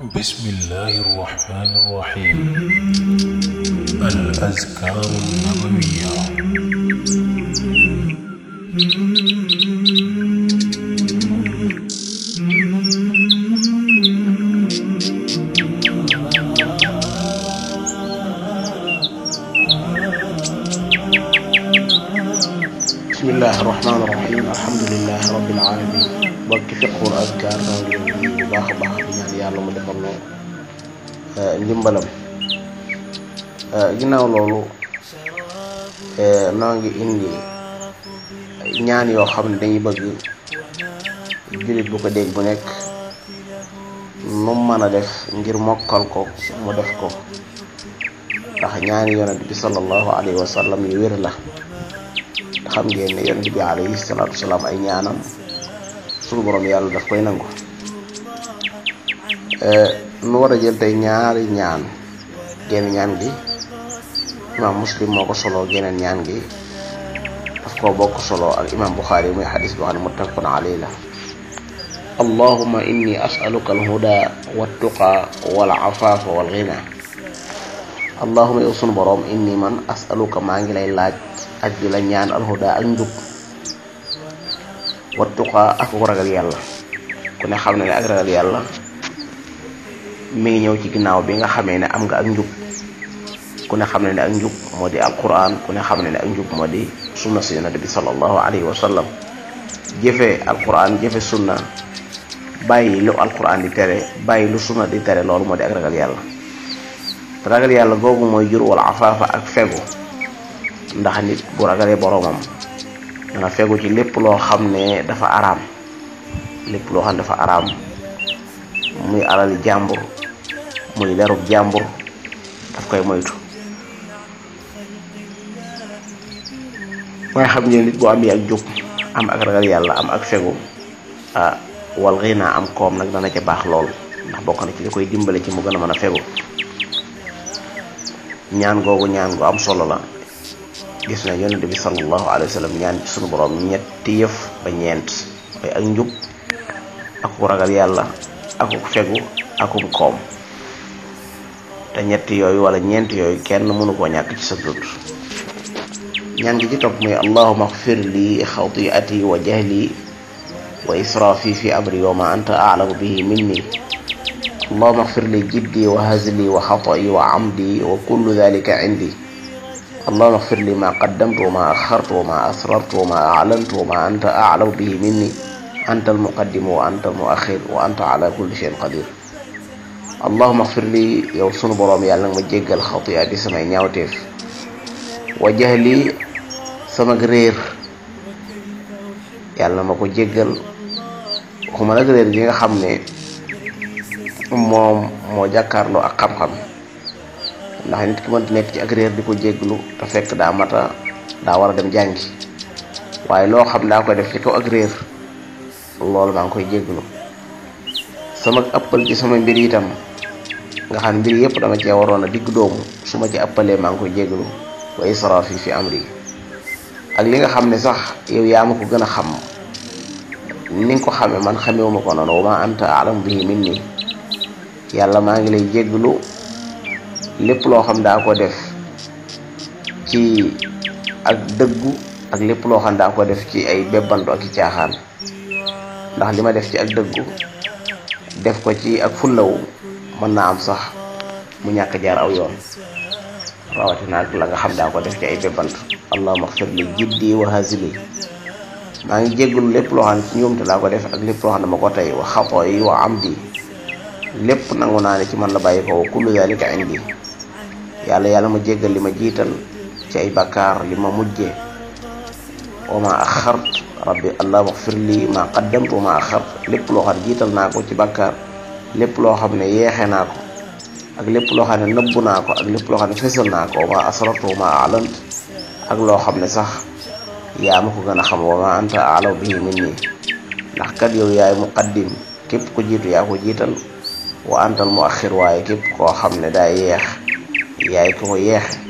بسم الله الرحمن الرحيم الأذكار النبوية bismillahi rahmaani rahim alhamdulilahi rabbil alamin bokki fiqhul azkar maa ngi leen bu baax a baax di ñaan yàlla mu defal loo eh, ndimbalam eh, ginnaaw loolu eh, noo ngi indi ñaan yoo xam ne dañuy bëgg jullit bu ko dégg bu nekk nu mën a def ngir mokkal ko mu def ko ndax ñaani yonent bi sallallahu alayhi wa sallam yu wér la xam ngeen ne yonent bi alayhi salaatu wasalaam ay ñaanam suñu borom yàlla daf koy nangu eh, nu war a jël tey ñaari ñaan genn ñaan gi imaam muslim moo ko solo geneen ñaan gi daf koo bokk solo ak imaam buxaari muy xadis boo xam ne muttafaqun alayhi la allahuma inni asaluka alhuda waltuqa walafaafa walghina allahuma yow sunu borom inni man asaluka maa ngi lay laaj ak di ñaan alxuda ak njub wattuqaa ak ragal yàlla ku ne xam na ne ak ragal yàlla mi ngi ñëw ci ginnaaw bi nga xamee ne am nga ak njub ku ne xam na ne ak njub moo di alquran ku ne xam na ne ak njub moo di sunna si yonent bi sallallahu alayhi wa sallam jëfe alquran jëfe sunna bàyyi lu alquran di tere bàyyi lu sunna di tere loolu moo di ak ragal yàlla ragal yàlla googu mooy jur wala afaafa ak fegu ndax nit bu ragalee boroomam dana fegu ci lépp loo xam ne dafa araam lépp loo xam ne dafa araam muy alal jàmbur muy lerub jàmbur daf koy moytu waaye xam ngeen nit bu amee ak jub am ak ragal yàlla am ak fegu ah wal xëy naa am koom nag dana ca baax lool ndax bokk na ci li koy dimbale ci mu gën a mën a fegu ñaan googu ñaan gu am solo la gis na yonent bi sallallahu alayhi wa sallam ñaan ci sunu borom ñetti yëf ñeent aku ragal yàlla aku fegu akum koom te ñetti yooyu wala ñeent yooyu kenn mënu koo ñàkk ci sa dund ci topp muy allahuma xfir li xatiati wa jahli wa israfi fi amri wa ma anta aalamu bihi minni allahuma xfir li jiddi wa hazli wa xatai wa amdi wa kullu dalika indi allahuma xfir li ma qaddamtu wa ma axartu wa ma asrartu wa ma aclantu wa ma anta aclamu bihi minni anta almuqaddimu wa anta almuaxir wa anta ala kulli shay'in qadir allahuma xfir li yow sunu boroom yàlla nga ma jéggal xatiya di samay ñaawteef wa jahli samag réer yàlla ma ko jéggal waxuma nag réer gi nga xam ne moom moo jàkkaarloo ak xam-xam ndax nit ki mënta nekk ci ak réer di ko jégglu te fekk daa mata daa war a dem jàngi waaye loo xam daa koy def ci kaw ak réer maa ngi koy jégglu sama ëppal ci sama mbir itam nga xam mbir yëpp dama cee waroon a digg doomu su ma ci ëppalee ngi koy jégglu wa israfi fi amri ak li nga xam ne sax yow yaa ma ko gën a xam ni nga ko xamee man xamewuma ko noonu wa ma anta alam bihi minni yàlla maa ngi lay jégglu lépp loo xam daa ko def ci ak dëggu ak lépp loo xam daa ko def ci ay bébbantu ak i caaxaan ndax li ma def ci ak dëggu def ko ci ak fullawu mën naa am sax mu ñàkk jaar aw yoon rawatina ak la nga xam daa ko def ci ay bébbantu allahumma xfir li jiddi wa hazili maa ngi jéggul lépp loo xam ne ci ñoom te laa ko def ak lépp loo xam ne ko tey wa xatoo yi wa amdi lépp nangu naa ne ci man la bàyyi ko kullu zalika indi yàlla yàlla ma jéggal li ma jiital ci ay bakaar li ma mujje wa ma axart rabbi allahuma xfir li ma qaddamtu wa ma axart lépp loo xam ne jiital naa ko ci bakkaar lépp loo xam ne yeexe naa ko ak lépp loo xam ne nëbbu naa ko ak lépp loo xam ne fésal naa ko wa ma asrartu wa ma alant ak loo xam ne sax yaa ma ko gën a xam wa ma anta alaw bihi min nii ndax kat yow yaay muqaddim képp ku jiitu yaa ko jiital wa antal mu axir waaye képp koo xam ne daa yeex yaay ko ko yeexe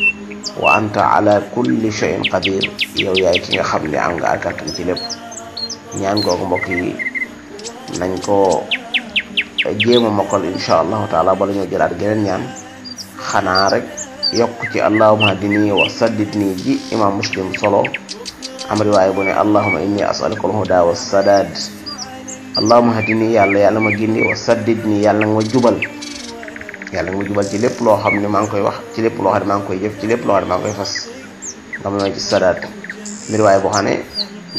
wa anta ala kulli shay'in qadir yow yaay ki nga xam ne am nga kàttan ci lépp ñaan googu mbokk yi nañ ko jéema mokkal insha allahu taala bala ñoo jëlaat geneen ñaan xanaa rek yokk ci allahuma hadini wa saddidni ji imam muslim solo am riwaaya bu ne allahuma inni asalukal huda wa sadad allahuma hadini yàlla yàlla ma gindi wa saddidni yàlla nga jubal yàlla nga ma jubal ci lépp loo xam ne maa ngi koy wax ci lépp loo xam ne maa ngi koy jëf ci lépp loo xam ne maa koy fas nga ma ci sadaad mbir waaye boo xam ne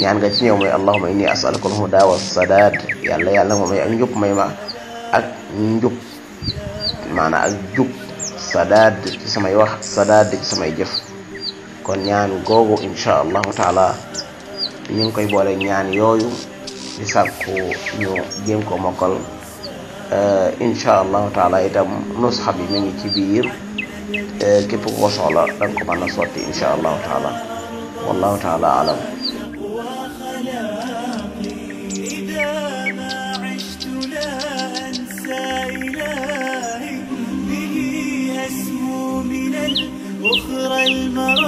ñaan nga ci ñëw mooy allahumma inni as'aluka al-huda wa sadaad yàlla yàlla nga ma may ak njub may ma ak ak jub sadaad ci samay wax sadaad ci samay jëf kon ñaan googu insha allahu taala ñu ngi koy boole ñaan yooyu di sàkku ñu jéem ko mokkal Eh, incha allahu taala itam nusxa bi mi ngi ci biir eh, képp ku ko soxla da nga ko mën a sotti incha allahu taala wallahu taala alam المرأة